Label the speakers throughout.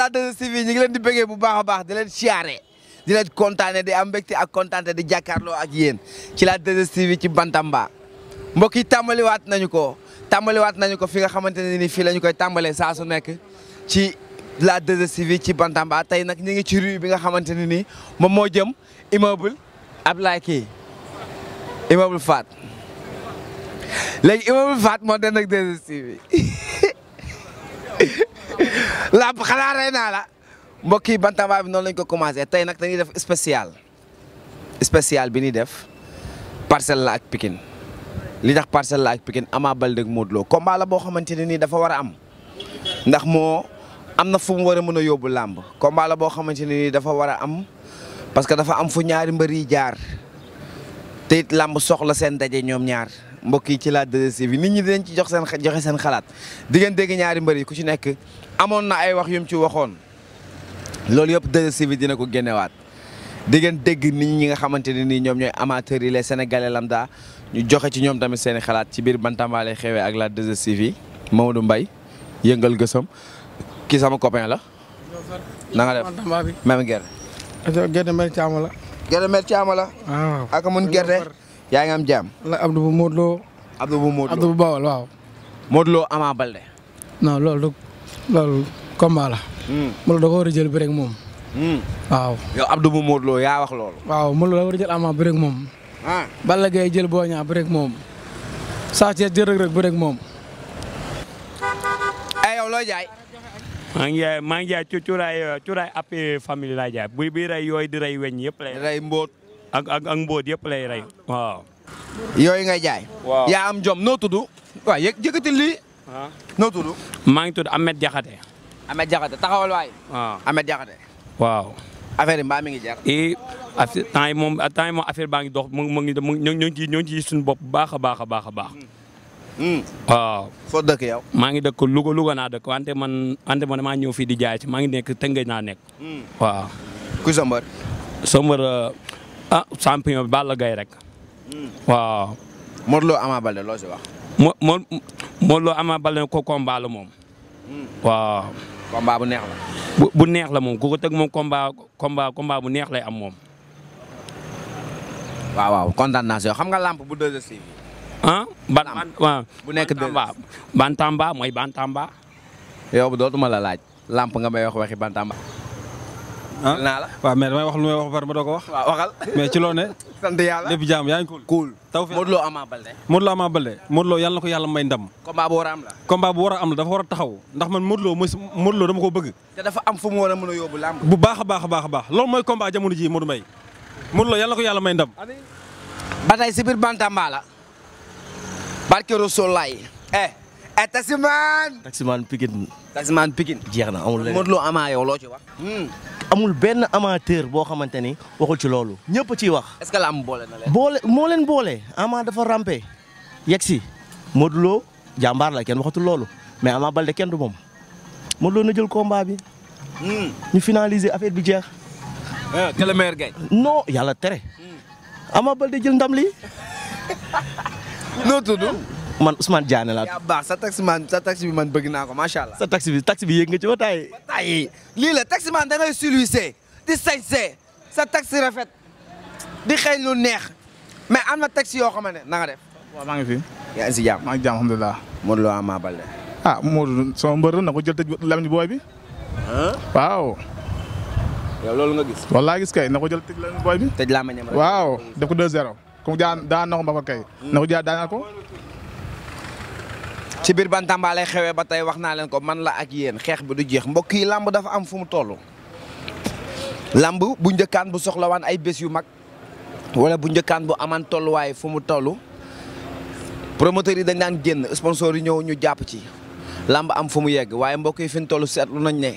Speaker 1: la 2STV ñu di bëggee bu baax baax di leen siyaare di leen kontaane di am mbégte ak kontaante di jàkkaarloo ak yéen ci la 2STV ci Bantamba mbokk yi tàmbaliwaat nañu ko tàmbaliwaat nañu ko fi nga xamante ne ni fii la ñu koy tàmbalee saa su nekk ci la 2STV ci Bantamba tey nag ñu ngi ci rue bi nga xamante ne ni moom moo jëm immeuble Ablaye kii faat Fat léegi immeuble moo den ak 2STV làmb xanaa rey naa la mbokk yi bantamba bi noonu lañ ko commencé tey nag dañuy def spécial spécial bi ñuy def parcelle la ak Pikine li tax parcelle la ak Pikine amaa Baldé ak Modou Lo boo xamante ne nii dafa war am ndax moo am na fu mu war a mën a yóbbu làmb combat la boo xamante ne nii dafa war a am parce que dafa am fu ñaari mbër yi jaar te it làmb soxla seen daje ñoom ñaar mbokk yi ci la 2STV nit ñi dinañ ci jox seen joxe seen xalaat di ngeen dégg ñaari mbër yi ku ci nekk. amoon na ay wax yum ci waxoon loolu yëpp 2 dina ko génnewaat di ngeen dégg nit ñi nga xamante ne nii ñoom ñooy amateurs yi les sénégalais ñu joxe ci ñoom tamit seeni xalaat ci biir Bantamba lay ak la 2STV Mamadou mbay yëngal gësam kii sama copain la.
Speaker 2: na nga def
Speaker 1: même gerte. gerte mel caama la. mel caama ah, ak mun gerte. yaa ngi am jàmm. la Abdou bu Modou Lo. Abdou bu Modou waaw. Modou Lo Balde. loolu combat la. Modou hmm. Lo da ko war a jël bëre ak moom. Hmm. waaw. yow Abdou bu Modou yaa wax loolu. waaw Modou Lo da war a jël Ama moom. Balla Gaye jël Boy Niang moom. Sa Thiès jël Reug Reug bëre moom. ay eh, yow loo jaay.
Speaker 3: maa ngi jaay maa ngi jaay cu cuuraay app famille laa jaay buy bii rey yooyu di ray weñ yëpp lay. rey mbóot. ak ak ak yëpp lay rey waaw.
Speaker 1: jaay.
Speaker 3: yaa am jom noo tudd.
Speaker 1: lii. noo tudd.
Speaker 3: maa ngi tudd Ahmed Diakhaté.
Speaker 1: Ahmed Diakhaté taxawal waay. waaw Ahmed waaw. affaire yi mbaa mi ngi jar.
Speaker 3: et moom temps yi affaire baa ngi dox mu ngi mu ngi ñoo ngi ciy ñoo ngi ciy bopp baax a baax a baax a baax. Hmm. waaw. foo dëkk yow. maa ngi dëkk Louga Louga naa dëkk wante man wante maa ñëw fii di jaay ci maa ngi nekk Tëngéej naa nekk. Hmm. waaw. ku sa mbër. sa ah champion bi Balla rek. Hmm. waaw. Modou Lo
Speaker 1: Ama Baldé loo wax.
Speaker 3: mo mo Modou Lo ko combat moom. waaw. combat bu neex la. bu neex la moom ku ko tëgg moom combat combat combat bu neex lay am moom.
Speaker 1: waaw waaw kontaan naa xam nga lamp bu 2STV. ah ban waaw
Speaker 3: bu nekk Bantamba Bantamba mooy Bantamba.
Speaker 1: yow bu dootuma la laaj lamp nga may wax waxi Bantamba. Ah. naa la waaw mais damay wax lu may wax ba pare ma doo ko wax. waaw waxal ci
Speaker 3: loo ne. sant yàlla lépp jaam yaa ngi cool. cool taw fi Modou Lo Ama Baldé. Modou na ko yàlla may ndam. combat bu war am bu war a am la dafa war a taxaw ndax man Modou Lo mooy dama ko bëgg. te
Speaker 1: dafa am fu mu war a mën a yóbbu làmb. bu baax a baax a baax a baax loolu mooy combat jamono jii Modou Mbaye Modou Lo yàlla na ko yàlla may ndam. ba tey si biir Bantamba la. barke Rasulaay. eh eh taximaan. taximaan Pikine. taximaan Pikine. jeex na amul leneen Modou ci wax. Hmm. amul benn amateur boo xamante ni waxul ci loolu ñëpp ciy wax. est-ce que làmb boole na leen. boole moo leen dafa rampé yegg si Modou jàmbaar la kenn waxatul loolu mais Ama Baldé kenn du moom Modou na jël combat bi. Hmm.
Speaker 4: ñu finaliser affaire bi jeex.
Speaker 1: Euh, que le yàlla tere. Hmm. Ama Baldé jël ndam li noo tudd. man Ousmane Diané laa. yaa baax sa taxi man sa taxi bi man bëgg naa ko macha allah. sa taxi bi taxi bi yéeg nga ci ba taay. ba taay lii la taxi man da ngay suluisee di sañsee sa taxi rafet di xëy lu neex mais am na taxi yoo xam ne na nga def. waaw maa ngi fi. yaa ngi si jàmm maa ngi jàmm alhamdulilah. Modou Lo Ama Baldé.
Speaker 4: ah Modou sama mbër na ko jël tëj lamiñ booy bi.
Speaker 1: waaw. yow loolu nga gis. wallaa gis kay na ko jël tëj lamiñ booy bi. tëj laa ma ñam rek.
Speaker 4: waaw def ko 2-0 comme daan daan na ko mbaa kay. Hmm. na ko jaa daan na ko.
Speaker 1: ci biir Bantamba lay xewee ba tey wax naa leen ko man la ak yéen xeex bi du jeex mbokk yi làmb dafa am fu mu toll. làmb bu njëkkaan bu soxlawaan ay bés yu mag wala bu njëkkaan bu amaan tolluwaay fu mu tollu promoteurs yi dañ daan génn sponsors yi ñëw ñu jàpp ci. làmb am fu mu yegg waaye mbokk yi fi toll seetlu nañ ne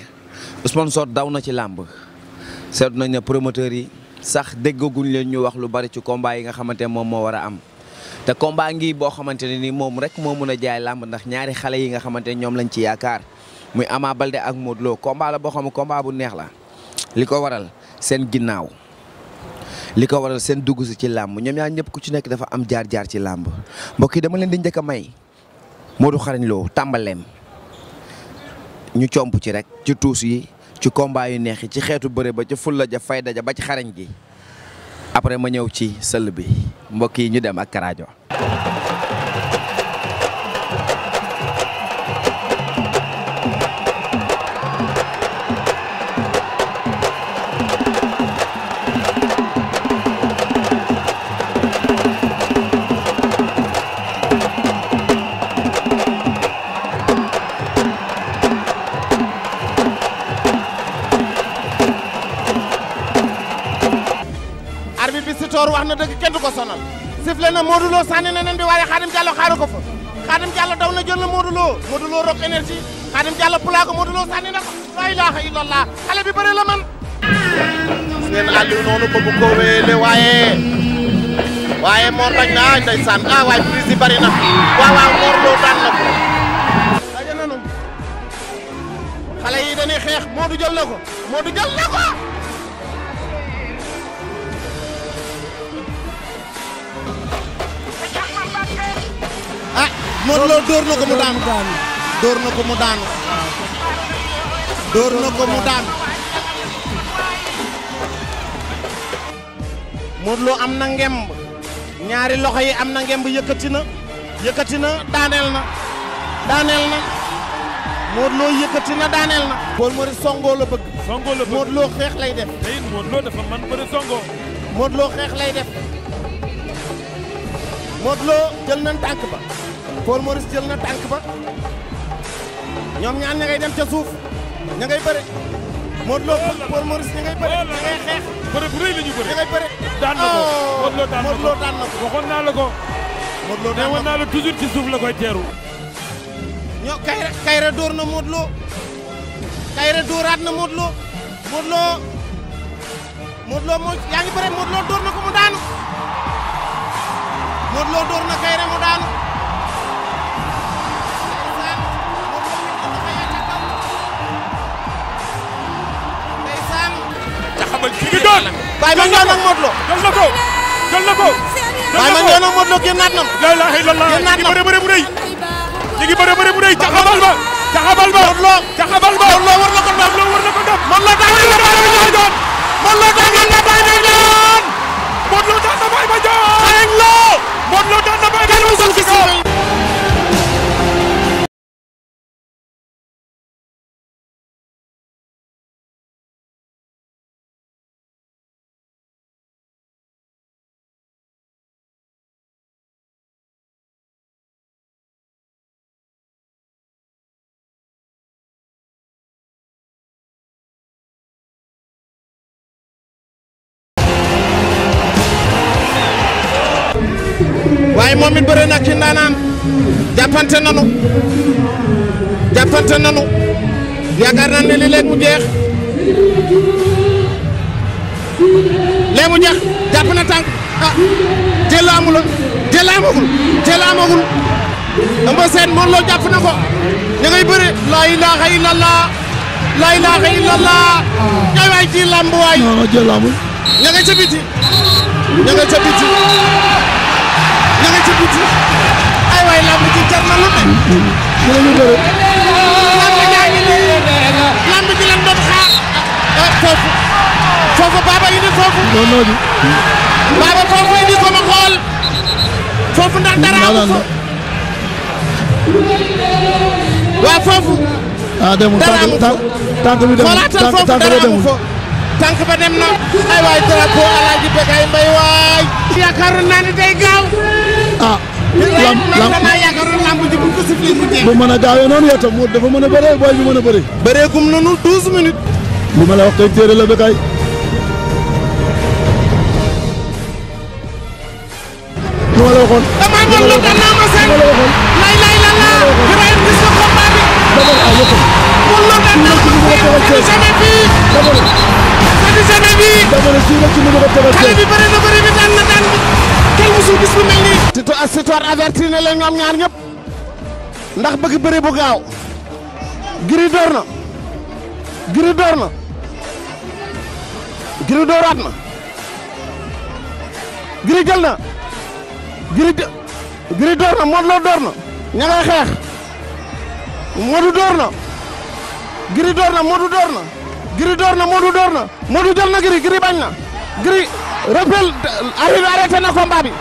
Speaker 1: sponsor daw na ci làmb seetlu nañ ne promoteurs yi sax déggaguñ leen ñu wax lu bari ci combat yi nga xamante moom moo war a am. te combat ngi boo xamante ne ni moom rek moo mën a jaay làmb ndax ñaari xale yi nga xamante ne ñoom lañ ci yaakaar muy Ama Baldé ak Modou Lo combat la boo xam ne bu neex la li ko waral seen ginnaaw li ko waral seen dugg si ci làmb ñoom ñaar ñëpp ku ci nekk dafa am jaar-jaar ci làmb mbokki dama leen di njëkk a may Modou Xarañ Lo tàmbaleem ñu comp ci rek ci tuus yi ci combat yu neex yi ci xeetu bëre ba ci fulla ja fayda ja ba ci xarañ gi après ma ñëw ci sëll bi mbokk yi ñu dem ak Karajo.
Speaker 4: Sitor wax na dëgg kenn ko sonal sifle na Modou Lo nen bi waaye Khadim Diallo xaaru ko fa Khadim Diallo daw na jël na Modou Lo Modou Lo rok énergie Khadim Diallo pulaa ko Modou Lo sànni na ko xale bi bëre la man seen Aliou noonu ko bëgg ko wéele waaye waaye Mor daj na ay ndeysaan ah waaye prise yi bari na waaw waaw Mor
Speaker 5: na ko daje nanu
Speaker 4: xale yi dañuy xeex Modou jël na ko Modou jël na ko Modou Lo dóor na ko mu daanu dóor dóor na ko mu daanu Modou am na ngemb ñaari loxo yi am na ngemb yëkkati na na daaneel na daaneel na Modou Lo na daaneel na Paul Maurice songoo la bëgg songoo Lo xeex lay def tey Modou Lo dafa man bëri songoo Modou xeex lay def Modou jël nañ tànk ba Paul Maurice jël na tànk ba ñoom ñaan ña dem ca suuf ña ngay bëre Modou Lo Paul Maurice ña ngay xeex bëre bu rëy la ñu bëre ña ngay bëre na ko oh! Modou Lo daan na ko waxoon naa la ko Modou Lo daan na ko waxoon naa la toujours ci suuf la koy teeru ñoo Kayra Kayra na Modou Lo Kayra dóoraat na Modou Lo moo yaa ngi bëre Modou na ko mu daanu Modou Lo na Kayra mu daanu Baye Mandione ak Modou Lo jël na ko jël na ko Baye Mandione ak Modou Lo génnaat na la ilaha illallah ñi bëre bëre bu rëy ñi ngi bëre bëre bu rëy caxabal ba caxabal ba Modou Lo caxabal ba Modou Lo war na ko dab war na ko dab Modou Lo daan na Baye Mandione Modou Lo daan na
Speaker 6: Baye Mandione Modou Lo daan na Baye Mandione Modou Lo daan na Baye Mandione
Speaker 4: jàppante nanu jàppante nanu yaakaar naa ne li mu jeex léegi mu jeex jàpp na tànk ah jël amuloon jël amagul jël amagul Eumeu bëre laa ilaaha illallah laa ilaaha illallah ñooy waay ci làmb waay jël amul ña ngay ca lamb ji jar na lu ne. dinañu lan doon xaar. Eh, foofu foofu Baba indi foofu. non foofu indi ko xool. foofu ndax dara amu fa. foofu. ah demul tànk tànk bi demul xoolaatal foofu dara ba dem na. ay waay drapeau Alaaji Bekay Mbay waay. yaakaaroon naa ne gaaw. Ah. lam lam bu mën a gaawee noonu yow tam dafa mën a bëree booy bi mën a bëree. bëreegum nañu douze minutes. bu ma la wax kay téere la bekay lu ma la waxoon. damaa doon la ma seen. lay lay la laa. Ibrahima bi. dabal ah yëpp. mun na danaa ma seen. seen jamais bii. dabal. seen jamais bii. dabal sii la ci nu ma ko tegal seen. bi bëri na bëri bi daan na tey mosul bis bu mel nii. Siteu ak Sitor avertir leen ñoom ñaar ñëpp ndax bëgg bëre bu gaaw Gris door na Gris door na Gris dooraat na Gris jël na Gris Gris door na Modou Lo door na ña ngay xeex Modou door na Gris door na Modou door na Gris door na Modou door na Modou jël na Gris na Gris. Repel arbitre bi arrêté na combat bi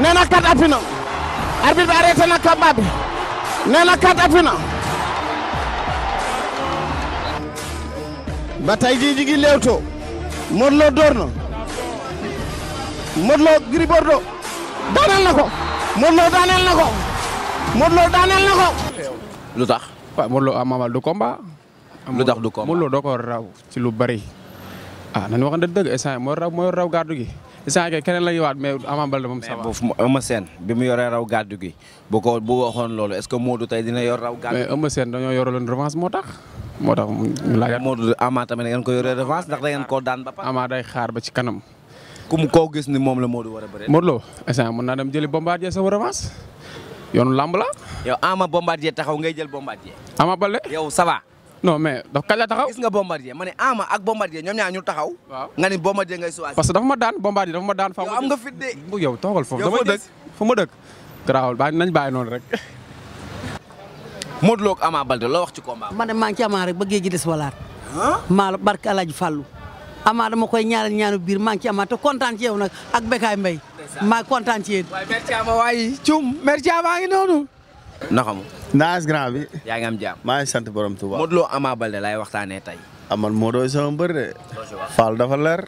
Speaker 4: nee na kat appi na arbitre bi na combat bi nee na kat appi na ba tey jii jigi leewtoo Modou Lo door na Modou Lo daaneel na ko Modou Lo daaneel na ko Modou Lo daaneel na ko
Speaker 2: lu tax waaw Modou Lo Ama du combat lu tax du doo ko raw ci lu bari ah nañu waxoon dëgg instant moo raw moo raw gàddu gi instant kay keneen la ñuy waat mais Ama Baldé moom. ça va mais Eumeu Sène bi mu yoree raw gàddu gi bu ko bu waxoon
Speaker 1: loolu est-ce que Modou tey dina yor raw gàddu. mais
Speaker 2: Eumeu Sène dañoo yoraloon revanche moo tax. moo tax ñu laajaat
Speaker 1: Modou Ama tamit da ngeen ko yoree revanche ndax da ngeen koo daan ba. Ama day xaar ba ci kanam. kum koo gis ni
Speaker 2: moom la Modou war a bëree. Modou Lo instant mën naa dem jëli Bombardier sama revanche yoonu lamb la.
Speaker 1: yow Ama Bombardier taxaw ngay jël Bombardier.
Speaker 2: Ama Baldé yow ça va non mais dafa kañ la taxaw. gis nga
Speaker 1: ma ne Ama ak Bombardier ñoom ñaar ñu taxaw. waaw
Speaker 2: dafa ma daan Bombardier dafa ma daan. faaw am de. yow toogal dëkk fu ma dëkk. garaawul bàyyi nañ bàyyi noonu rek.
Speaker 1: Modou Lo ak Ama Balde loo wax ci combat.
Speaker 5: man de rek ba géej gi
Speaker 1: maa la barke El Ama dama koy ñaanal ñaanu biir maa te kontaan nag ak Bekay Mbaye. maa kontaan cum merci Ama noonu naxamu. naas grand bi. yaa am maa ngi sant borom Touba. Modou Lo Ama Baldé laay waxtaanee tey. aman Modou sama mbër de. Fall dafa leer.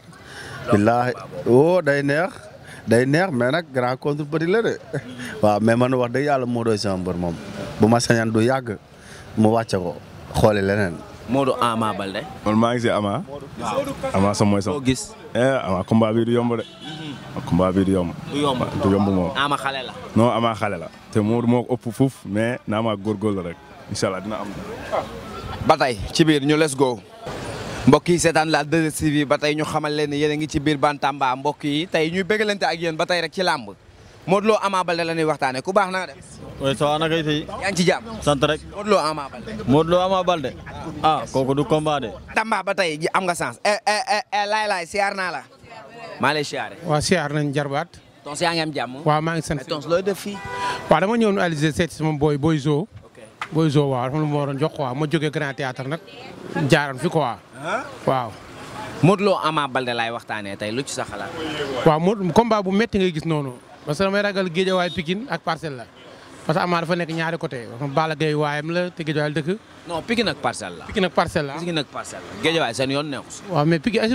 Speaker 1: billaahi woo day neex.
Speaker 4: day neex mais nag grand contre petit la de. waaw mais man wax dëgg yàlla Modou sama mbër moom.
Speaker 6: bu ma sañan du yàgg mu wàcce ko xooli leneen.
Speaker 1: Modou Ama Baldé.
Speaker 6: maa ngi si Ama. Ama sama mooy sama. gis. du yomb de. combat bi du yomb. du yomb moom. ama xale la. non ama xale la. te moo moo ëpp fuuf
Speaker 1: mais naa maa góorgóorlu rek incha am. ba tey ci biir ñu let's go. mbokk yi seetaan la 2 si ba tey ñu xamal leen ne yéen a ngi ci biir Bantamba mbokk yi tey ñuy bëggalante ak yéen ba tey rek ci làmb Modou Lo Ama Baldé la ñuy waxtaanee ku baax na nga def.
Speaker 7: oui ça va nakay
Speaker 1: ci jàmm sant rek. Modou Lo Ama Baldé. Modou Lo Ama Baldé. ah kooku du combat de. Tamba ba am nga sens. Eh, eh, eh, laay laay siyaar maa lay siyaare.
Speaker 2: waaw siyaar nañ jarbaat.
Speaker 1: tons yaa ngi am jàmm. waaw
Speaker 2: maa ngi sant tons looy def fii. waaw dama ñëw nu Alizé seet sama booy booy Zo. booy Zo waaw dafa lu ma waroon jox quoi ma jógee Grand Théâtre nag jaaroon fi quoi. waaw. Modou Lo
Speaker 1: Ama Baldé laay waxtaane tey lu ci sa
Speaker 2: waaw Modou combat bu métti ngay gis noonu parce que damay ragal Guédiawaye Pikine ak Parcelles la. parce que Ama dafa nekk ñaari côté Balla Gaye te Guédiawaye dëkk.
Speaker 1: non Pikine la. Pikine ak Parcelles la
Speaker 2: ah Pikine la
Speaker 1: Guédiawaye seen yoon neexu si. waaw mais Pikine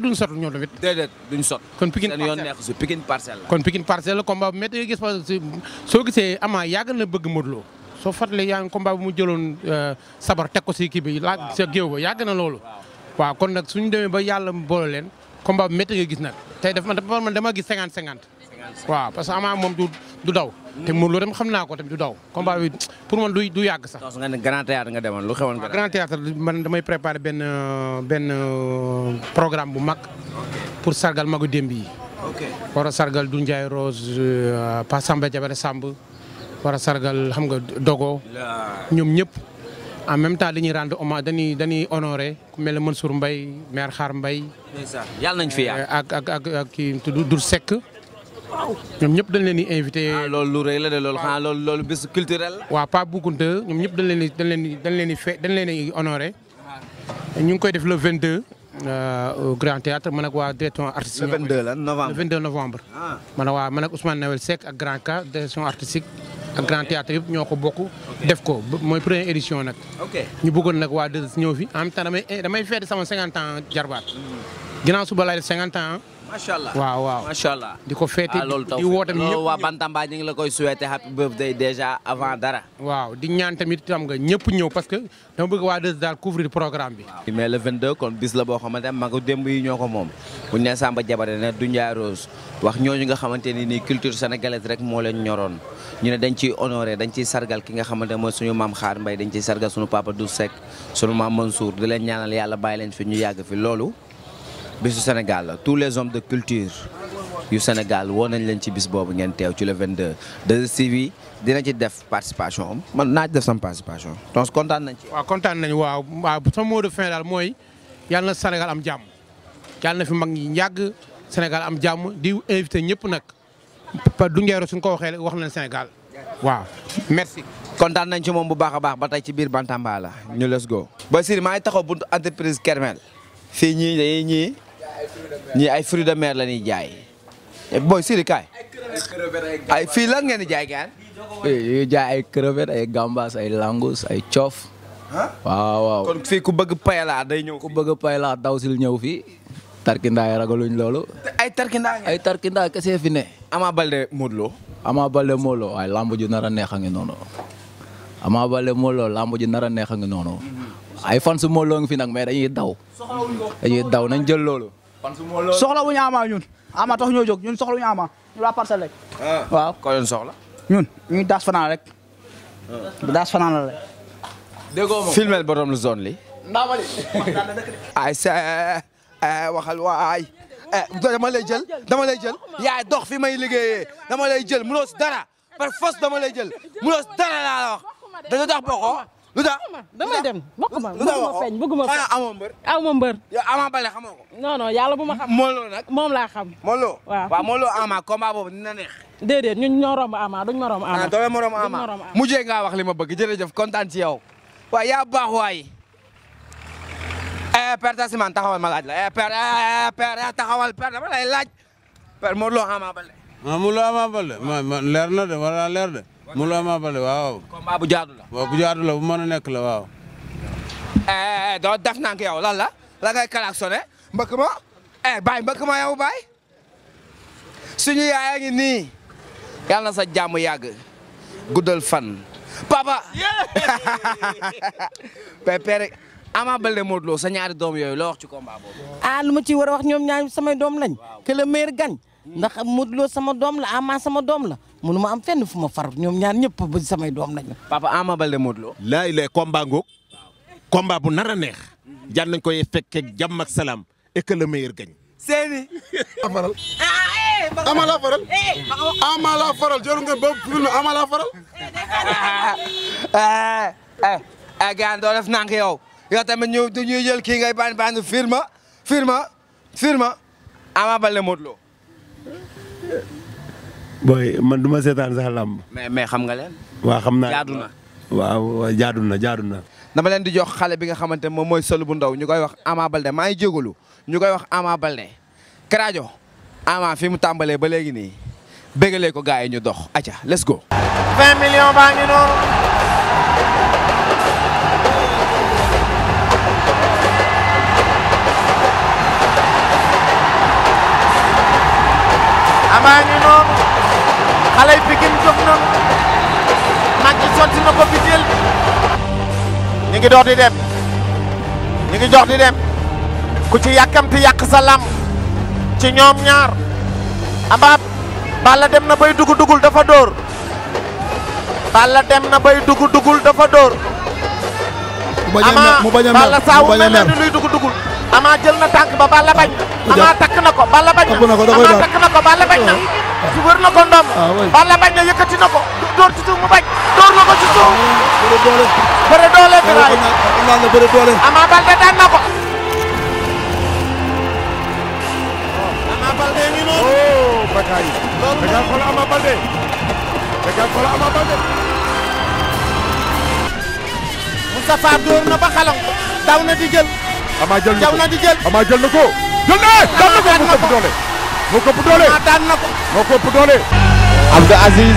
Speaker 1: est kon Pikine
Speaker 2: Parcelles kon Pikine Parcelles la gis soo gisee Ama yàgg na bëgg Modou Lo soo fàttalee yaa ngi combat mu jëloon euh, sabar teg ko bi. waaw waaw ba yàgg na loolu. waaw kon nag suñu demee ba yàlla boole leen combat bu métti nga gis nag tey dafa man dama gis 50 50. 50 waaw parce que Ama du daw. te Modou Lo xam naa ko tamit du daw. combat du yàgg sax. nga ne grand théâtre nga demoon lu xewoon. grand théâtre man damay préparer benn benn euh, programme bu mag. pour sargal magu démb yi. war a sargal du Ndiaye Rose euh, Pa Samba Jabare Samb. war a sargal xam nga dogo. ñoom ñëpp. en même temps dañuy rendre hommage dañuy dañuy honoré ku mel mën Mansour mbay maire Xaar mbay yàlla nañ fi yàgg euh, ak ak du Seck. ñoom ñëpp dañ leen di invité. Ah, loolu lu la de loolu xanaa loolu loolu culturel la. waaw Pape Boukounta ñoom ñëpp dañ leen honoré ñu koy def le 22. Euh, au Grand Théâtre man ak waa direction artistique. le 22 la novembre le 22 novembre. Ah. man ak waa Nawel Seck ak Grand K direction artistique. ak Grand Théâtre yëpp ñoo ko bokk. def ko mooy première édition nag. ñu bëggoon nag waa deux ñëw fi en même temps damay eh, damay fête sama 50 ans jarbaat. Mm-hmm. ginnaaw suba laay def ans. macha allah waaw waaw macha allah di ko feete ah, di woo tamit ñëpp waa
Speaker 1: Bantamba ñu ngi la koy souhaité happy birthday déjà avant dara.
Speaker 2: waaw di ñaan tamit nga ñëpp ñëw parce que dama bëgg waa des daal couvrir programme bi.
Speaker 1: mais le 22 kon bis la boo xamante ne magu démb ñoo ko moom bu ñu nee Samba Diabaré ne du Rose wax ñooñu nga xamante ne nii culture sénégalaise rek moo leen ñoroon ñu ne dañ ci honoré dañ ciy sargal ki nga xamante mooy suñu maam Xaar mbay dañ ciy sargal suñu papa Dou Seck suñu maam Mansour di leen ñaanal yàlla bàyyi leen fi ñu yàgg fi loolu bisu Sénégal la tous les hommes de culture yu Sénégal woo nañ leen ci bis boobu ngeen teew ci le 22 2STV dina ci def participation man naa ci def sama participation donc
Speaker 2: kontaan nañ ci. waaw kontaan nañ waaw waaw sama mot de fin daal mooy yàlla na Sénégal am jàmm yàlla na fi mag ñi yàgg Sénégal am jàmm di invité ñëpp nag du ngeero suñ ko waxee wax nañ Sénégal waaw merci. kontaan
Speaker 1: nañ ci moom bu baax a baax ba tey ci biir Bantambala ñu let's go. Basir maa ngi taxaw buntu entreprise ñii ay fruits de mer la ñuy jaay eh, booy Siri kaay ay fii lan ngeen di jaay gaan yu eh, jaay ay crevettes ay gambas ay langus ay coof waaw waaw kon ku bëgg paylaa day ñëw ku bëgg paylaa daw sil ñëw fii tarkindaa yi ragaluñ loolu ay tarkindaa ay tarkindaa kese fi ne Ama Baldé Modou Lô Ama Baldé Modou Lô lamb ju nar a neex a ngi noonu Ama Baldé Modou Lô lamb a neex a ngi noonu ay fan su fi nag mais dañuy daw dañuy nañ jël loolu soxla wuñu ama ñun ama tax ñoo jóg ñun soxla wuñu ama ñu waa parcelle rek ah. waaw ko yoon soxla ñun ñuy daas fanaan rek ah. daas fanaan la rek filmel borom lu zone li ndaamali ay sa eh, eh, waxal waay eh, dama lay jël dama lay jël yaay dox fi may liggéeyee dama lay jël mënoo si dara par dama lay jël dara laa la boko oh. lu tax damay dem bokkuma bëgguma feeñ bëgguma feeñ amoo mbër amoo mbër yow Ama Baldé xamoo yàlla bu ma xam Modou Lô nag moom laa xam Modou Lô waaw waaw Modou Lô Ama ma laaj eh, eh, eh, laaj père Modou Lô Ama Baldé
Speaker 2: ah, Modou leer na wala leer de mu la maa bale waaw. combat bu jaadu la. waaw bu jaadu la nekk la waaw. Eh, eh, eh, doo def naa ko yow lan la la
Speaker 1: ngay klaxonné mbëkk ma bàyyi mbëkk ma yow bàyyi suñu yaay a ngi nii yàlla na sa jàmm yàgg guddal fan papa pépère Ama Baldé Modou Lo sa ñaari doom yooyu loo wax ci combat boobu. ah lu ma ciy war a wax ñoom ñaar samay doom lañ que le meilleur ndax Modou Lo
Speaker 4: sama doom la Ama sama doom la mënu ma am fenn fu ma far ñoom ñaar ñëpp ba samay doom lañu.
Speaker 1: papa Ama
Speaker 8: Baldé Modou Lo. laa ilay combat ngoog combat bu nar a neex. jan mhm. koy fekkee jàmm ak salaam et que le meilleur gagne. seeni faral
Speaker 4: ama ah, eh, la faral
Speaker 1: ama la faral jëru nga boobu ama la faral eh gaan eh, eh, doo def nank ñu ñuy jël baan baan firma firma firma Ama Baldé Modou Lo
Speaker 8: booy man du ma seetaan sax làmb.
Speaker 1: mais mais xam nga leen.
Speaker 8: waa xam naa jaadu na waaw
Speaker 1: jaadu na jaadu na. dama leen di jox xale bi nga xamante moom mooy sël bu ndaw ñu koy wax Ama Balde maa ngi jégalu ñu koy wax Ama Balde. Karajo Ama fi mu tàmbalee ba léegi nii bégalee ko gars yi ñu dox acca les ko 20 millions baa ngi noonu.
Speaker 4: baa ngi noonu xale yi Pikine jóg nañu Macky sotti na ko biteel ñu ngi dox di dem ñu ngi jox di dem ku ci yàkkamti yàq sa làmb ci ñoom ñaar abaab Balla dem na bay dugg duggul dafa dóor Balla dem na bay dugg duggul dafa dóor. mu bañ a mer mu bañ a mer Ama Balla saa wu mel luy dugg dugul. Ama jël na tànk ba Balla bañ na. Ama takk na ko Balla bañ na. takk na ko Balla bañ ah. na. Ah, yëkkati na ko. door ci mu bañ. door na ko ci suuf. doole. bëre doole bi raay. daan na ko. Ama Baldé ngi noonu. oh Bakary. loolu da ngaa xool Ama Baldé. da ngaa door na ba xalam daw na di jël. ama jël na ko na di jël ama jël na ko. jël na daan na ko moo ko ëpp doole. moo ko ëpp doole daan na ko. moo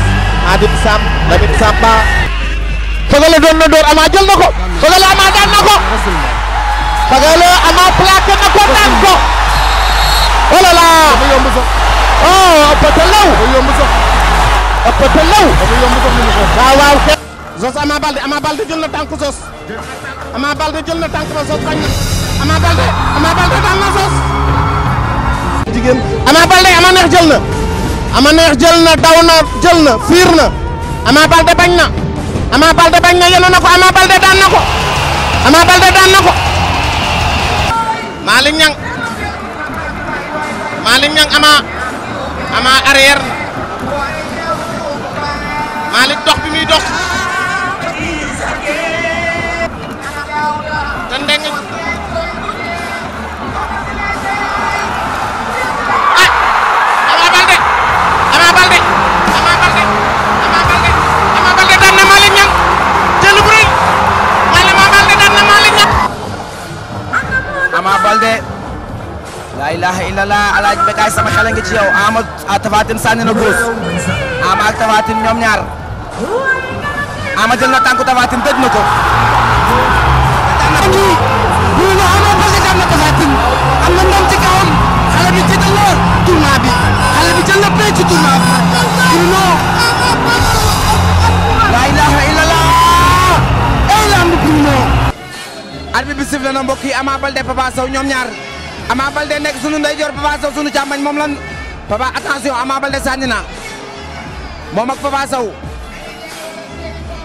Speaker 4: Sam Lamine Samba. Fagala doon na door ama jël na ko. Fagala ama daan na ko. Fagala ama plaqué na ko daan ko. oh là là. dafa yomb sax. oh ëppate law. dafa yomb sax. ëppate law. dafa yomb sax Zoss Ama Baldé Ama Baldé jël na tànk Zoss Ama Baldé jël na tànk ba Zoss bañ na Ama Baldé Ama Baldé daan na Zoss jigéen Ama Baldé Ama Neex jël na Neex jël na daw na jël na fiir na Ama Baldé bañ na Ama Baldé bañ na yenu na ko Ama Baldé daan na ko Ama Baldé daan na ko Malick Niang Malick Niang Ama Ama bi muy dox
Speaker 1: Balde laa ilaaha alaaj bekaay sama xel a ngi ci yow ama a Tafatine sànni na góos ama ak Tafatine ñoom ñaar ama jël na tànku Tafatine tëj na ko tournoi bi xale bi jël na pré ci tournoi bi arbitre bi sifflé na mbokk yi Ama Baldé Papa Sow ñoom ñaar Ama Baldé nekk sunu ndeyjoor Papa Sow sunu càmmañ moom lan Papa attention Ama Baldé sànni na moom ak Papa Sow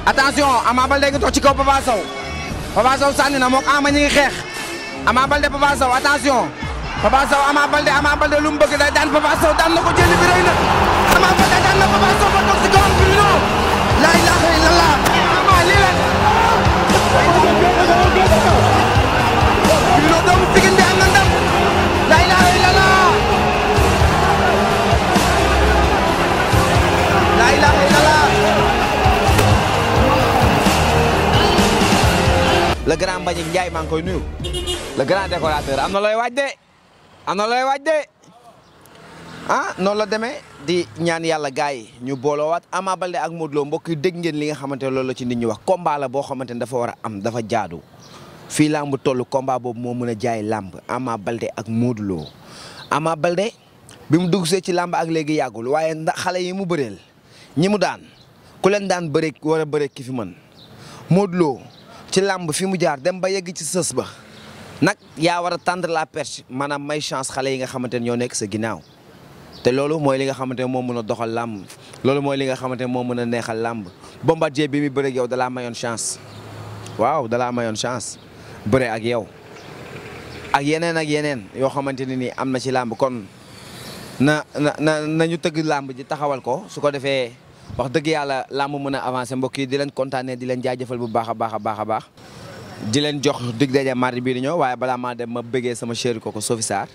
Speaker 1: attention Ama Baldé ngi toog ci kaw Papa Sow Papa Sow sànni na moog Ama ñi xeex Ama Baldé Papa Sow attention Papa Sow Ama Baldé Ama Baldé lu mu day daan Papa daan na ko jëli bi rëy na daan na Papa ba toog ci kawam bi non la ilaha le grand Mbagnick Ndiaye maa ngi koy nuyu le grand décorateur am na looy waaj de am na looy waaj de ah noonu la demee di ñaan yàlla gars yi ñu booloowaat Ama Baldé ak Modou mbokk yi dégg ngeen li nga xamante ne loolu la ci nit ñi wax combat boo xamante ne dafa war a am dafa jaadu fii làmb tollu combat boobu moo mën a jaay làmb Ama Baldé ak Modou am Ama Baldé bi mu dugg see ci làmb ak léegi yàggul waaye ndax xale yi mu bëreel ñi mu daan ku leen daan bëre war a ki fi mën ci làmb fi mu jaar dem ba yegg ci sës ba nag yaa war a tendre la perche maanaam may chance xale yi nga xamante ne ñoo nekk sa ginnaaw te loolu mooy li nga xamante ne moo mën a doxal làmb loolu mooy li nga xamante ne moo mën a neexal làmb bombardier bi mu bëre yow dalaa mayoon chance waaw dalaa mayoon chance bëre ak yow ak yeneen ak yeneen yoo xamante ne nii am na ci làmb kon na na na ñu tëgg làmb ji taxawal ko su ko defee. wax dëgg yàlla làmb mën a avancé mbokk yi di leen kontaanee di leen jaajëfal bu baax a baax a baax a di leen jox dig daje mardi bii di waaye balaa maa dem ma bëggee sama ko kooku Sofi Sarr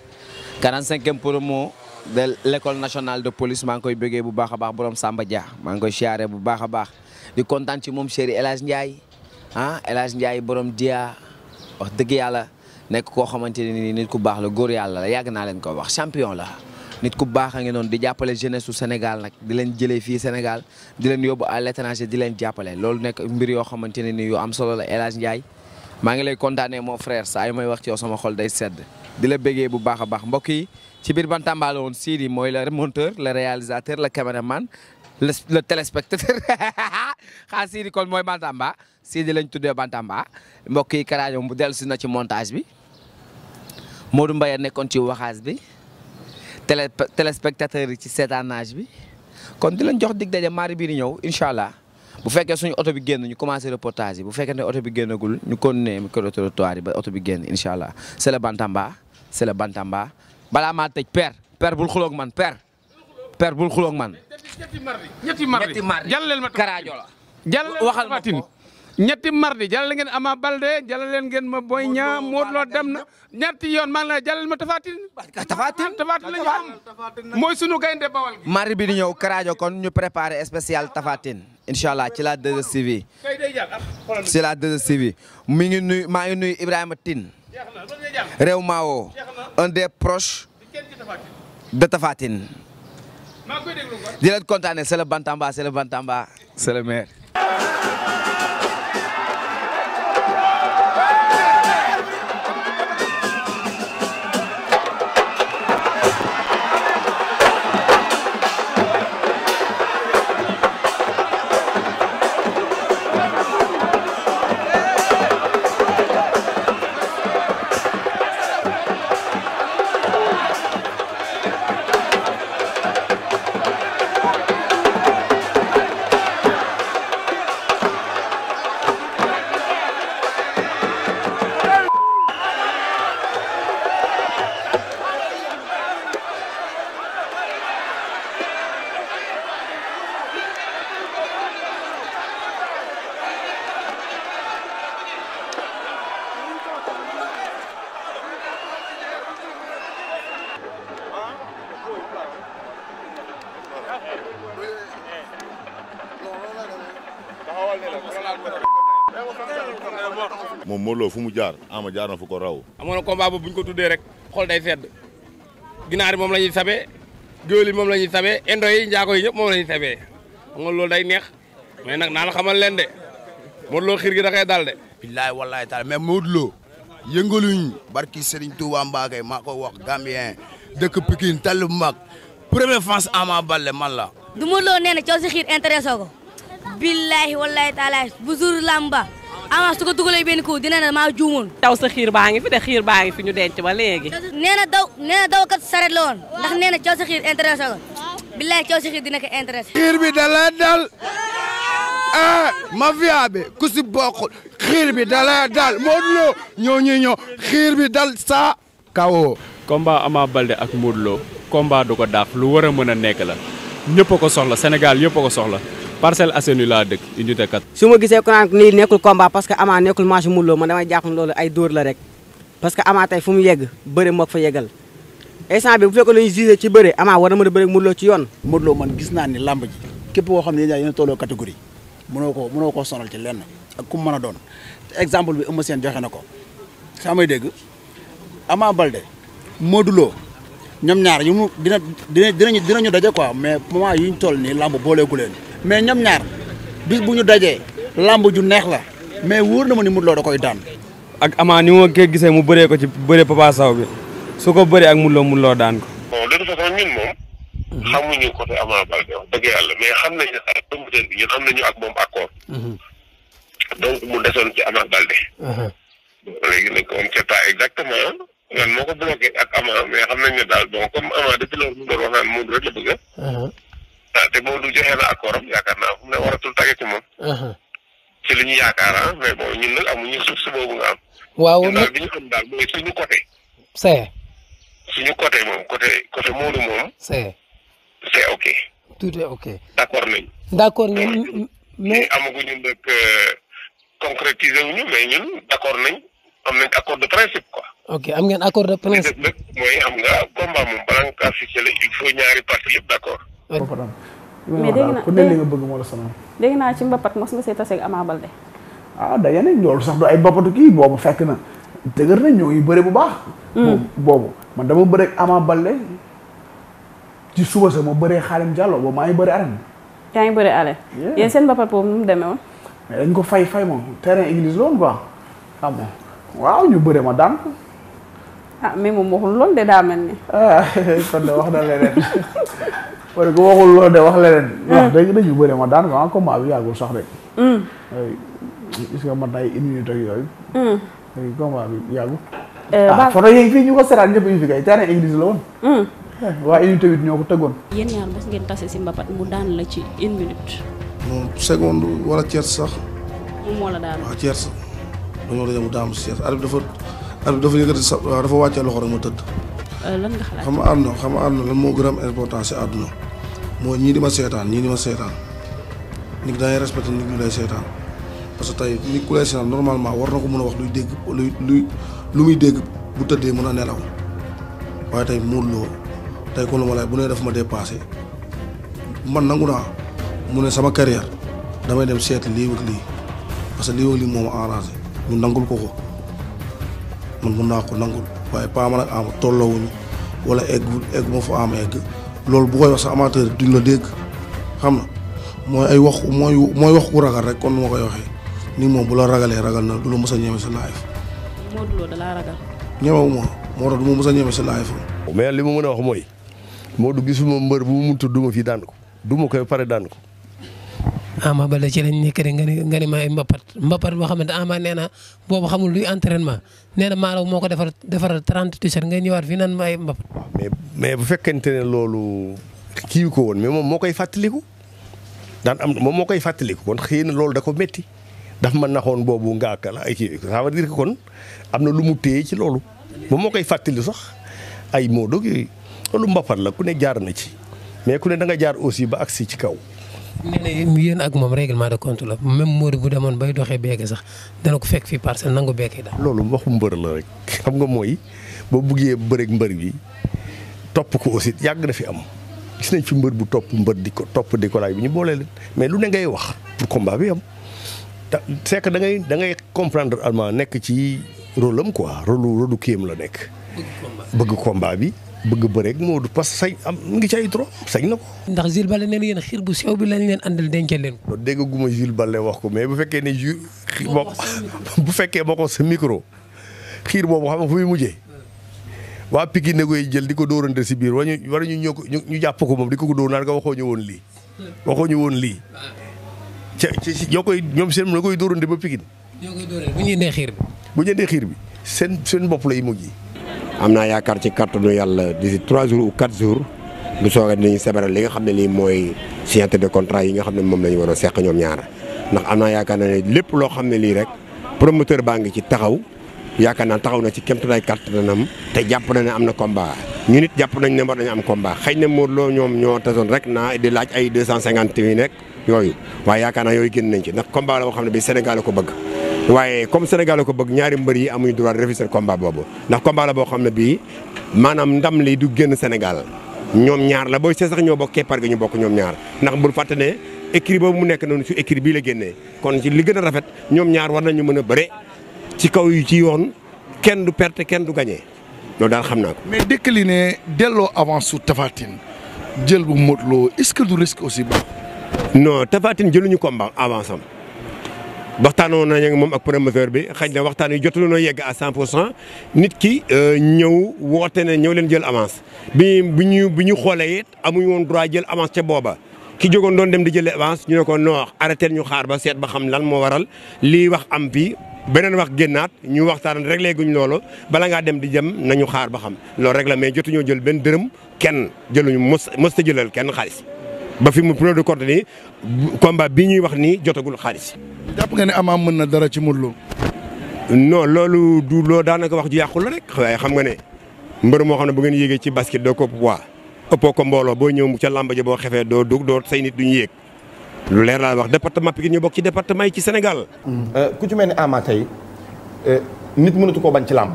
Speaker 1: 45e promo de l'école nationale de police maa ngi koy bëggee bu baax a baax borom Samba Dia maa ngi koy siyaare bu baax a baax di kontaan ci moom chéri El Hadj Ndiaye ah El Hadj Ndiaye borom Dia wax dëgg yàlla nekk koo xamante ne nii nit ku baax la góor yàlla la yàgg naa leen ko wax champion la. nit ku baax a ngi noonu di jàppale jeunesse su Sénégal nag di leen jëlee fii Sénégal di leen yóbbu à di leen jàppale loolu nekk mbir yoo xamante ne nii yu am solo la El Hadj maa ngi lay kontaanee mon frère saa yu may wax ci yow sama xol day sedd di la béggee bu baax a baax mbokk yi ci biir Bantamba la woon Sidi mooy le monteur le réalisateur le caméraman le le téléspectateur xaa Sidi kon mooy Bantamba Sidi lañ tuddee Bantamba mbokk yi Karajo mu dellu na ci montage bi moo du Mbaye nekkoon ci waxaas bi. télé téléspectateurs yi ci seetaanage bi kon di jox dig daje mari bii di ñëw incha allah bu fekkee suñu oto bi génn ñu commencé reportage yi bu fekkee ne oto bi génnagul ñu continuer micro-trottoir yi ba oto bi génn incha allah c'est le bantamba c'est le balaa maa tëj père père bul xuloog man per per bul xuloog man. ñetti
Speaker 3: mardi ñetti mardi ñetti la.
Speaker 1: jàllale ma waxal ma ko
Speaker 3: ñetti mardi jàllale ngeen Ama Baldé jàllale ngeen ma Boy Niang Modou Lo dem na ñetti yoon
Speaker 4: maa ngi lay ma Tapha Tine. Ah, Tapha Tine mooy sunu gaynde Bawal gi.
Speaker 1: mardi bi di ñëw karaajo kon ñu préparé spécial Tapha Tine incha allah ci la 2STV ci la 2STV mi ngi nuyu maa ngi nuyu Ibrahima Tine réew Mawo un des proches de Tapha Tine di leen kontaanee c'est le Bantamba maire.
Speaker 8: moom Modou fu mu jaar ama jaar na fu ko raw.
Speaker 3: amoon na combat bu ñu ko tuddee rek xool day sedd ginaar yi moom la ñuy sabee géwél yi moom la ñuy sabee indo yi njaago yi moom la ñuy sabee lool day neex mais nag naa la xamal leen de Modou Lo
Speaker 1: xiir gi da koy dal de. billaay wallaay taala mais Modou Lo yëngaluñ barki Serigne Touba Mbacké maa ko wax dëkk Pikine tali bu mag première France Ama Baldé man la.
Speaker 4: du Modou Lo nee xiir intéressé ko. billahi wallahi taala bu jour avance su ko dugalee benn coup dina ne maa juumoon
Speaker 5: taw sa xiir baa ngi fi de xiir baa ngi fi ñu denc ba léegi
Speaker 4: nee daw nee na dawkat saret la woon ndax nee na caw sa xiir intéressé ko billaay caw sa xiir dina ko intéressé xiir bi dala dal ah mafia bi ku si bokkul xiir bi dala dal Modou Lo ñoo ñuy ñëw xiir bi dal saa
Speaker 3: kawo combat Ama Baldé ak Modou Lo combat du ko lu war a mën a nekk la ñëpp ko soxla Sénégal yëpp ko soxla Parcelles Assainies laa dëkk
Speaker 1: su ma gisee ko naan nii nekkul combat parce que Ama nekkul match Modou Lô man damay jàpp loolu ay dóor la rek parce que Ama tey fu mu yegg bëre moo ko fa yeggal instant bi bu fekkoon dañuy jugé ci bëre Ama war na mën a bëre Modou Lô ci yoon. Modou Lô man
Speaker 4: gis naa ni làmb ji képp koo xam ne yéen a tolloo catégorie mënoo ko mënoo koo sonal ci lenn ak ku mu mën a doon exemple bi Eumeu seen joxe na ko saa may dégg Ama Baldé Modou loo ñoom ñaar yu mu dina dina dinañu dinañu daje quoi mais moment yi ñu toll nii làmb booleegu leen mais ñoom ñaar bi bu ñu dajee làmb ju neex la
Speaker 3: mais wóor na ma ni Modou loo da koy daan. ak Ama ni ma koy gisee mu bëree ko ci bëree Papa Sow bi su ko bëree ak Modou Lo Modou loo daan ko.
Speaker 5: bon de toute façon ñun moom. xamuñu côté Ama
Speaker 8: Baldé wax dëgg yàlla mais xam nañ ne ak promoteur bi ak moom accord. Mhm. donc mu desoon ci Ama Baldé. Mhm. léegi nag on sait pas exactement lan moo ko bloqué ak Ama mais xam nañ ne daal bon comme Ama depuis loolu mu doon wax naan Modou rek la bëgg. Mhm. ah te Modou joxe na accord am yaakaar naa ne waratul tàggat ci moom. ci li ñu yaakaar ah mais bon ñun nag amuñu suuf si boobu nga am. waaw ñun daal bi ñu xam daal mooy suñu côté. c'est. suñu côté moom côté côté Modou moom. c'est. c'est ok. tout est ok. d'accord nañ.
Speaker 5: d'accord nañ mais
Speaker 8: amaguñu nag euh, concrétiser wuñu mais ñun d'accord nañ. am nañ accord
Speaker 5: ngeen accord de principe. li mooy am nga
Speaker 6: combat moom balaa nga kaa ficelé il faut ñaari parti yëpp
Speaker 7: d' accord. nga bëgg moo la sonal.
Speaker 5: dégg naa ci mbapat mos nga see tase ak Ama Balde.
Speaker 4: ah daje nañ loolu sax du ay mbappatu kii boobu fekk na dëgër nañ ñoo ngi bëre bu baax. Hmm. boobu ma dama bëre ak Balde ci suba sax ma bëree Xaalim Diallo boobu maa ngi bëri arène.
Speaker 5: yaa ngi bëri arène. yéen seen mbapat boobu mu demee woon.
Speaker 4: mais dañ ko fay fay moom terrain église loolu waaw ñu bëre ma daan ko.
Speaker 5: ah moom waxul loolu de daa mel ni.
Speaker 4: ah kon de wax na leneen parce que waxul lool de wax leneen. wax dëgg dañu bëre ma daan ko ah combat bi yàggul sax rek. gis nga man ay une minute ak yooyu.
Speaker 3: Mm. Euh, ah,
Speaker 4: ñëpp ñu fi kay terrain église la woon. Mm. Eh, ñoo ko tëggoon.
Speaker 3: yéen ñaar
Speaker 5: mu daan la ci une minute.
Speaker 7: non wala tiers sax. moom moo dañoo daje mu daa am siège arbitre dafa arbitre dafa yëkkati sa waaw dafa wàccee loxo rek euh, xam a am importance si àdduna mooy ñii di ñii di ma seetaan nit dangay respecté nit ñu lay seetaan parce que tey nit ku lay war na ko mën a wax luy dégg luy luy lu muy dégg bu tëddee mën a nelaw waaye tey muurloo tey kon lu ma lay bu man nangu naa ne sama carrière damay dem seet lii ak lii parce que lii ak lii moo ma arrangé. ñu nangul ko ko man mun naa ko nangul waaye pas man ak am tolloowuñu wala egg egg ma fa am egg loolu bu koy wax sa amateur la dégg xam ay wax mooy mooy wax ku ragal rek kon nu ma koy waxee ni moom bu la ragalee ragal na du la mës a ñeme sa live.
Speaker 5: Modou Lo da laa ragal.
Speaker 7: ñemewu moo tax du ma mës a ñeme sa live. mais li ma mën a wax mooy moo Modou gisuma mbër bu mu munti duma fii daan ko
Speaker 6: duma koy pare daan ko.
Speaker 5: Ama Baldé ci lañ nekk rek nga ni nga ni maay mbapat mbapat boo xamante Ama nee na boobu xamul luy entraînement nee na Malaw moo ko defar defaral 30 t-shirt ngay ñëwaat fii naan maay mbapat.
Speaker 6: mais mais bu fekkente ne loolu kii ko woon mais moom moo koy fàttaliku daan am moom moo koy fàttaliku kon xëy na loolu da ko métti daf ma naxoon boobu ngaaka ay kii ça veut dire kon am na lu mu téye ci loolu moom moo koy fàttali sax ay moo dog yooyu loolu mbapat la ku ne jaar na ci mais ku ne da nga jaar aussi ba agsi ci kaw.
Speaker 5: nee na yéen ak moom règlement de compte la même Modou bu demoon bay doxee beeke sax dana ko fekk fii parcelle nangu beeke daal.
Speaker 6: loolu waxu mbër la rek xam nga mooy boo buggee bëreeg mbër bi topp ko aussi yàgg na fi am gis nañ fi mbër bu topp mbër di ko topp di ko laaj bi ñu boole mais lu ne ngay wax pour combat bi am c'est que da ngay da ngay comprendre allemand nekk ci rôle am quoi rôle rôle kii am la nekk. bëgg combat bi. bëgg bëreeg Modou parce que sañ am ngi ci ay trop sañ na ko. ndax Jules Baldé
Speaker 5: nee na xiir bu sew bi lañ leen àndal dencal leen
Speaker 6: ko. dégg guma Jules Baldé wax ko mais bu fekkee ne ju bu fekkee bokkoo sa micro xiir boobu xam nga fu muy mujjee. waa Pikine ne koy jël di ko dóorante si biir wala ñu war ñu ñoo ko ñu jàpp ko moom di ko dóor naan nga waxoo ñu woon lii. waxoo ñu woon lii. ca ci ñoo koy ñoom seen la koy dóorante ba Pikine. ñoo bu ñuy nee xiir bi. bu ñuy nee xiir bi seen seen bopp lay mujj. am naa
Speaker 8: yaakaar ci kàttanu yàlla d'ici trois jours ou quatre jours bu soogee dinañu sebaral li nga xam ne lii mooy signature de contrat yi nga xam ne moom la ñu war seq ñoom ñaar ndax am na yaakaar ne lépp loo xam ne lii rek promoteur baa ngi ci taxaw yaakaar naa taxaw na ci kéemtulaay kàttanam te jàpp na ne am na combat ñu nit jàpp nañ ne war nañu am combat xëy na Modou Lo ñoo tasoon rek naa di laaj ay deux cent cinquante yi yooyu waaye yaakaar naa yooyu génn nañ ci ndax combat la boo xam ne bi Sénégal la ko bëgg waaye comme Sénégal ko bëgg ñaari mbër yi amuñu droit refuser combat boobu ndax combat la boo xam ne bii maanaam ndam lii du génn Sénégal ñoom ñaar la booy see sax ñoo bokk keppaar gi ñu bokk ñoom ñaar ndax bul fàtte ne boobu mu nekk noonu ci écrit bii la génnee kon ci li gën a rafet ñoom ñaar war nañu mën a bëre ci kaw yi ci yoon kenn du perte kenn du gagné loolu daal xam naa ko. mais décliné delloo avance su Tapha jël bu Modou Lo est aussi ba. non Tapha Tine jëluñu combat avance waxtaanoon nañ ak moom ak promoteur bi xaj na waxtaan yi jotul noo yegg a 100 pour cent nit ki euh, ñëw woote ne ñëw leen jël avance bi bu ñu bi ñu xoolee it amuñu woon droit jël avance ca booba. ki jógoon doon dem di jël avance ñu ne ko non arrêté ñu xaar ba seet ba xam lan moo waral lii wax am fii beneen wax génnaat ñu waxtaan réglé guñ loolu bala ngaa dem di jëm nañu xaar ba xam loolu rek la mais jotuñoo jël benn dërëm kenn jëluñu mos mos ta jëlal kenn xaalis. ba fi mu pneu de corde nii combat bi ñuy wax nii jotagul xaalis. jàpp nga ne Ama mën na dara ci Modou Lo. loolu du loo daanaka wax ju yàqul la rek waaye xam nga ne mbër moo xam ne bu ngeen yéegee ci basket doo ko waa ëppoo ko mbooloo boo ñëw ca làmba ja boo xefee doo dugg doo say nit duñu yéeg lu leer laa wax département Pikine ñu bokk ci département yi ci Sénégal. ku ci mel ni Ama tey euh, nit mënatu koo bañ ci làmb.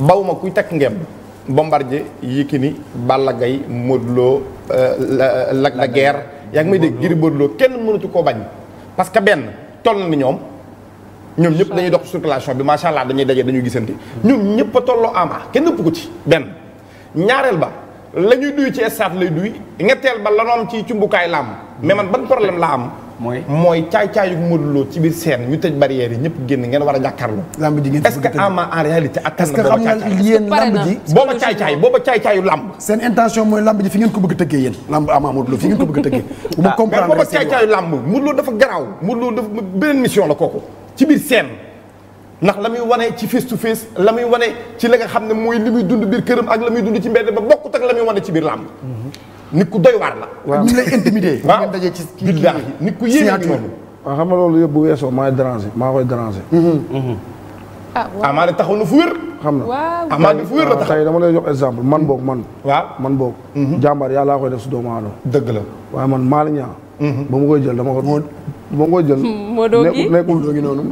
Speaker 8: baw ma kuy takk ngemb Bombardier Yékini Balla Gaye Modou Lo Euh, euh, Lac de Guiers yaa ngi may dégg Gris Bordeaux kenn mënatu koo bañ parce que benn toll na ñoom ñoom ñëpp dañuy dox circulation bi macha allah dañuy daje dañuy gisante ñoom ñëpp a tolloo ama kenn ëpp ko ci benn ñaareel ba la ñuy duy ci stade lay duy ñetteel ba la noom ci cumbukaay la am mais man ban problème laa am mooy mooy caay-caayu Modou Lo ci biir seen ñu tëj barrière yi génn ngeen war a jàkkaarloo. lamb ji ngeen est-ce que Ama en réalité attan na booba caay-caay est-ce que xam nga yéen lamb ji. booba caay-caay booba caay-caayu lamb. ko bëgg a tëggee yéen. lamb Ama Modou Lo fi ngeen ko bëgg a tëggee.
Speaker 6: bu ma comprendre mais booba caay-caayu
Speaker 8: lamb Modou Lo dafa garaaw. Modou Lo dafa beneen mission la kooku ci biir scène. ndax la muy wane ci face to face la muy wane ci la nga xam ne mooy li muy dund biir këram ak la muy dund ci mbedd ba bokkut ak la muy wane ci biir làmb mm-hmm. nit ku doy waar la. waaw ñu lay intimider. waaw daje ci kii nit
Speaker 7: ku yéeme bi noonu. waaw ah, xam nga loolu yëpp bu weesoo maa ngi déranger maa koy déranger. Mm-hmm. Mm-hmm.
Speaker 2: ah waaw amaana ah, taxaw na fu wér.
Speaker 7: xam na amaana ah, fu wér la taxaw tey dama lay jox exemple man boog man. waaw man boog. Mm-hmm. jàmbaar yàllaa koy def su doomu dëgg la waaye man Malick Niang. ba mu koy jël dama ko. jël.
Speaker 6: Modou gi nekkul noonu.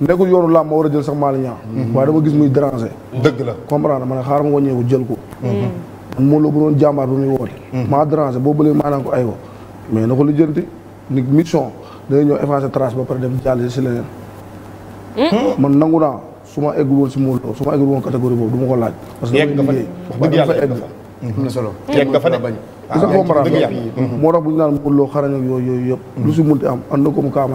Speaker 7: nekkul yoonu làmb ma war a jël sax Malick Niang. waaye dama gis muy déranger. dëgg la comprendre ma ne xaaral ma wàññeeku jël ko. Modou Lo bu doon jàmbaar bu muy woote. Mm-hmm. maa dérangé boo bëlee maanaam ko aywa mais na ko lu jënti nit mission day ñëw effacer trace ba pare dem jàll si leneen. Mm-hmm. man nangu naa su ma eggul woon si Modou Lo su ma eggul woon catégorie boobu du ma ko laaj. parce que yegg nga fa wax solo mm-hmm. yegg nga fa moo tax bu ñu naan Modou Lo xarañ ak yooyu yëpp. lu si munti am ànd ko mu kaa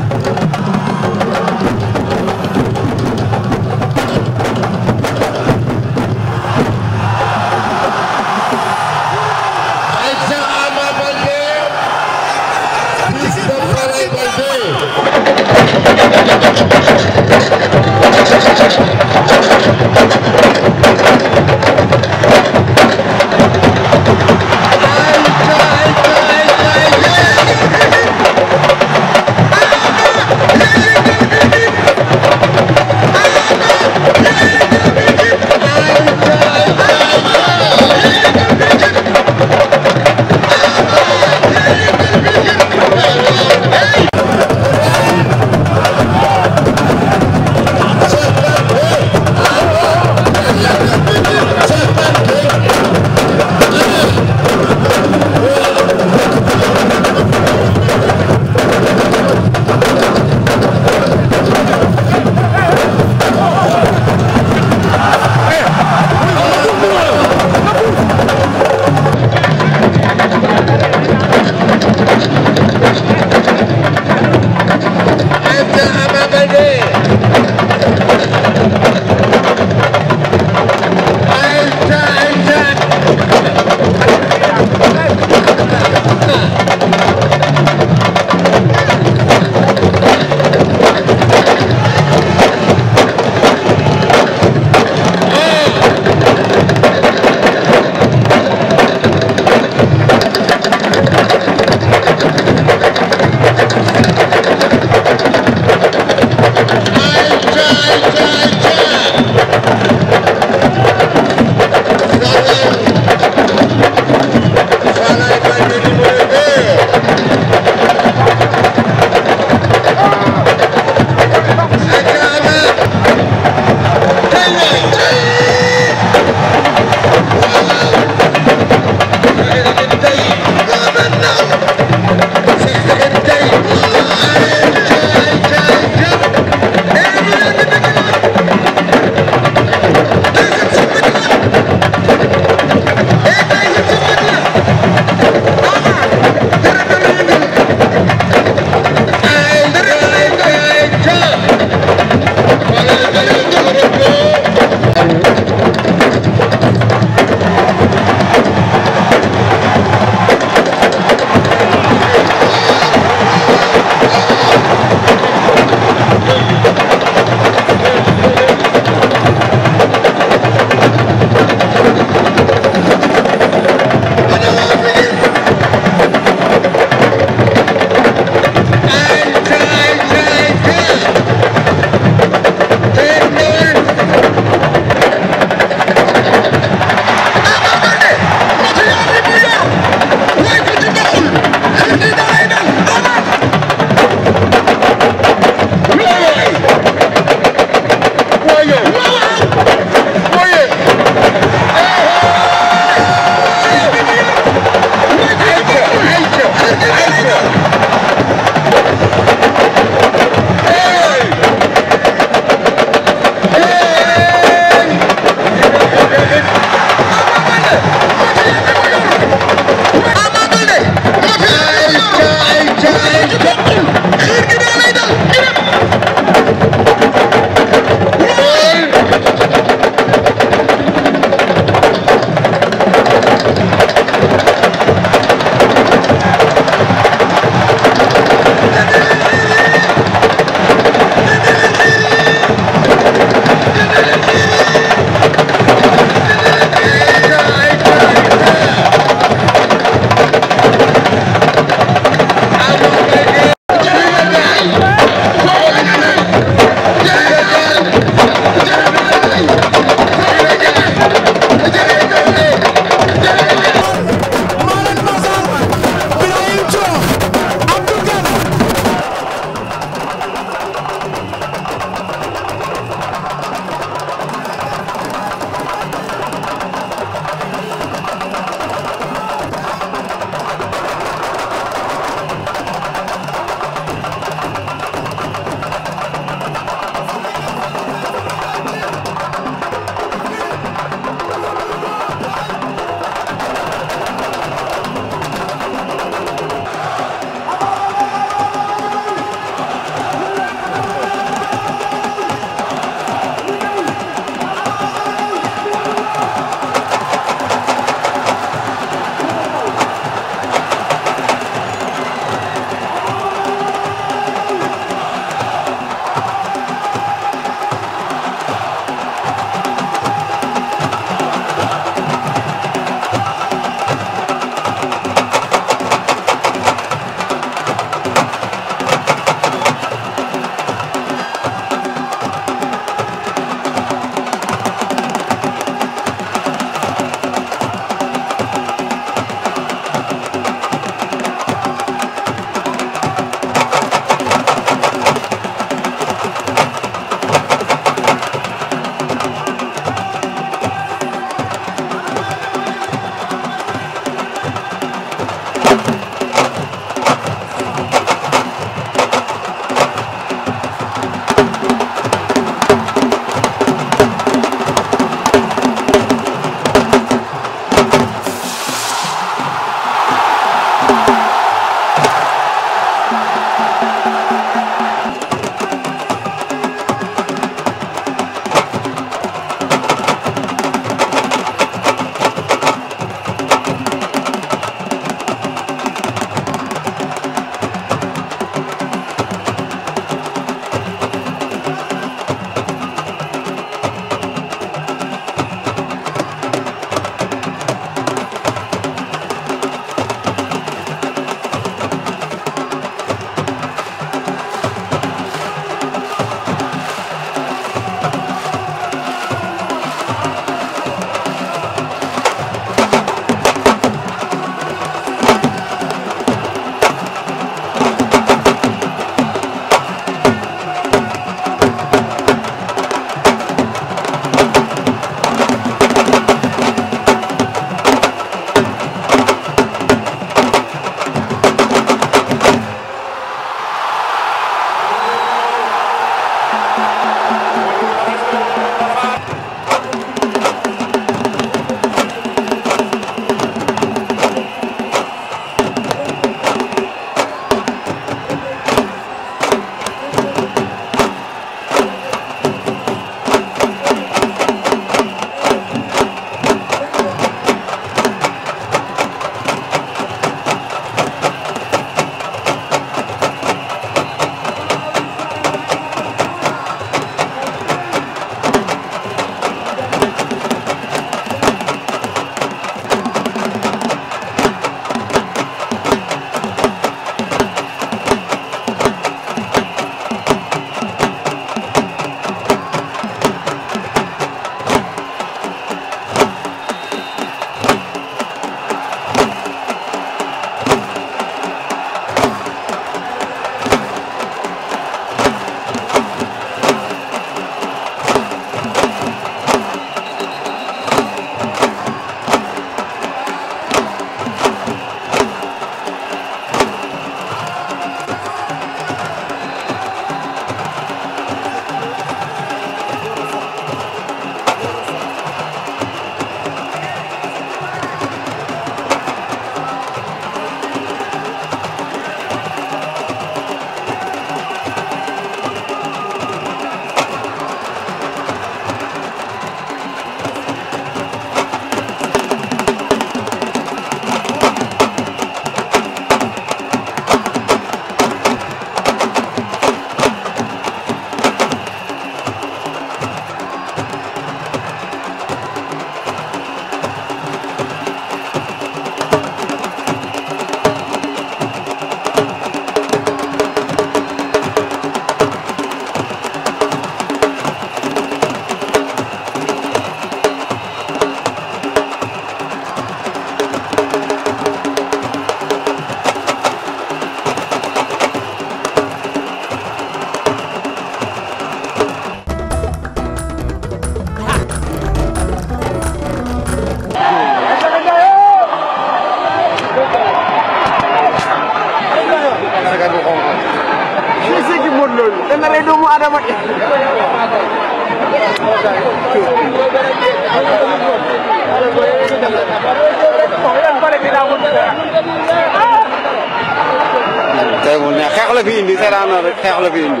Speaker 8: teewul ne xeex la fi indi seetaan na rek xeex la fi indi.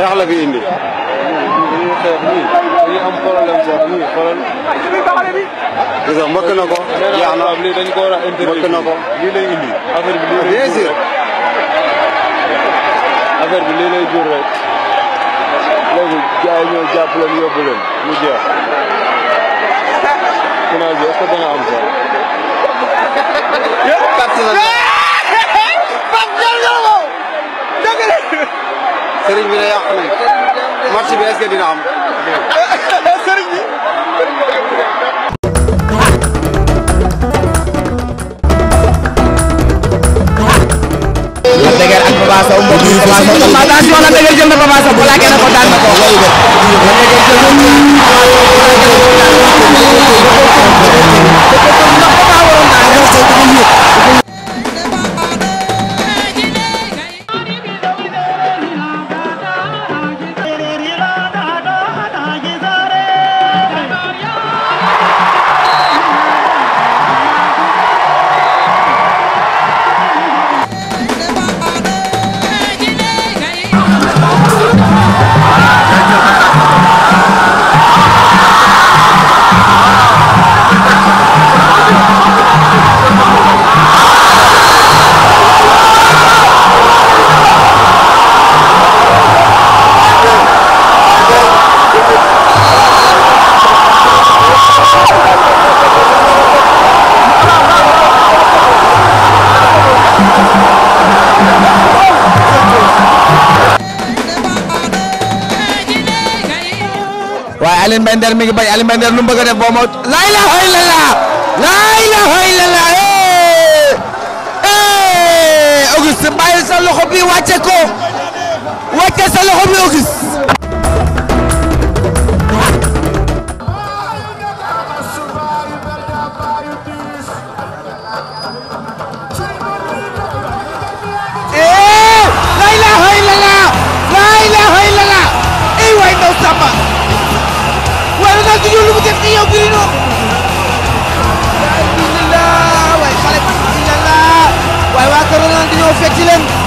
Speaker 7: xeex la fi indi. ñun xeex ñii dañuy am problème sax ñii xoolal. gis nga mbëkk na ko. jeex na lii dañ ko war a intervenir mbëkk na ko. lii
Speaker 5: lay indi affaire bi lii lay bien sûr
Speaker 6: affaire bi lii lay jur rek léegi gars yi ñoo jàpp leen yóbbu leen mu jeex.
Speaker 3: final bi est-ce que dana am sax.
Speaker 1: sëriñ bi ne yàq nañ match bi est-ce que dina am. sëriñ bi. Lac de Guiers ak Papa Sow mbokk yi Papa Sow attention Lac de Guiers
Speaker 4: jël na Papa Sow bu laakee na ko daan na ko. Lac de Guiers
Speaker 1: Alioune Mbaye Nder mi ngi bañ Alioune Mbaye Nder eh, eh, bi wàcce ko wàcce sa bi Auguste gi yow Bruno la ilaha illallah waaye xale bi la waaye waa Kër Ronaldinho fecc leen